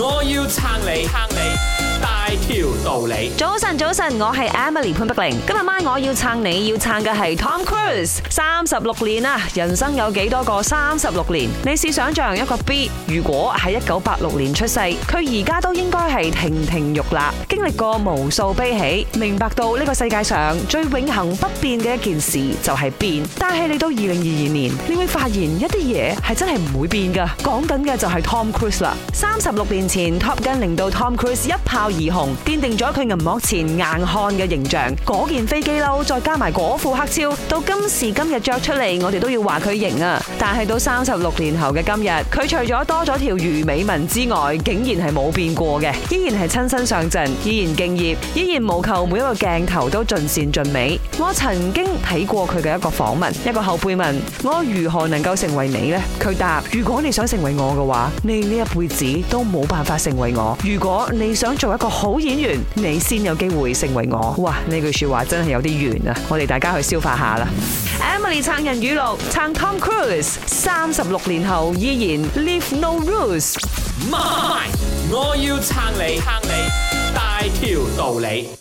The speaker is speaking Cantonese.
我要撐你，撐你大條道理。早晨，早晨，我係 Emily 潘碧玲。今日晚我要撐你要撐嘅係 Tom Cruise。三十六年啊，人生有幾多個三十六年？你試想象一個 B，如果喺一九八六年出世，佢而家都應該係亭亭玉立，經歷過無數悲喜，明白到呢個世界上最永恒不變嘅一件事就係變。但係嚟到二零二二年，你會發現一啲嘢係真係唔會變噶。講緊嘅就係 Tom Cruise 啦，三十六年。前 Top 跟令到 Tom Cruise 一炮而紅，奠定咗佢銀幕前硬漢嘅形象。嗰件飛機褸再加埋副黑超，到今時今日着出嚟，我哋都要話佢型啊！但係到三十六年後嘅今日，佢除咗多咗條魚尾紋之外，竟然係冇變過嘅，依然係親身上陣，依然敬業，依然無求，每一個鏡頭都盡善盡美。我曾經睇過佢嘅一個訪問，一個後輩問：我如何能夠成為你呢？」佢答：如果你想成為我嘅話，你呢一輩子都冇辦。辦法成為我。如果你想做一個好演員，你先有機會成為我。哇！呢句說話真係有啲懸啊！我哋大家去消化下啦。Emily 撐人語錄，撐 Tom Cruise，三十六年後依然 Leave No Rules。媽咪，My. 我要撐你，撐你，大條道理。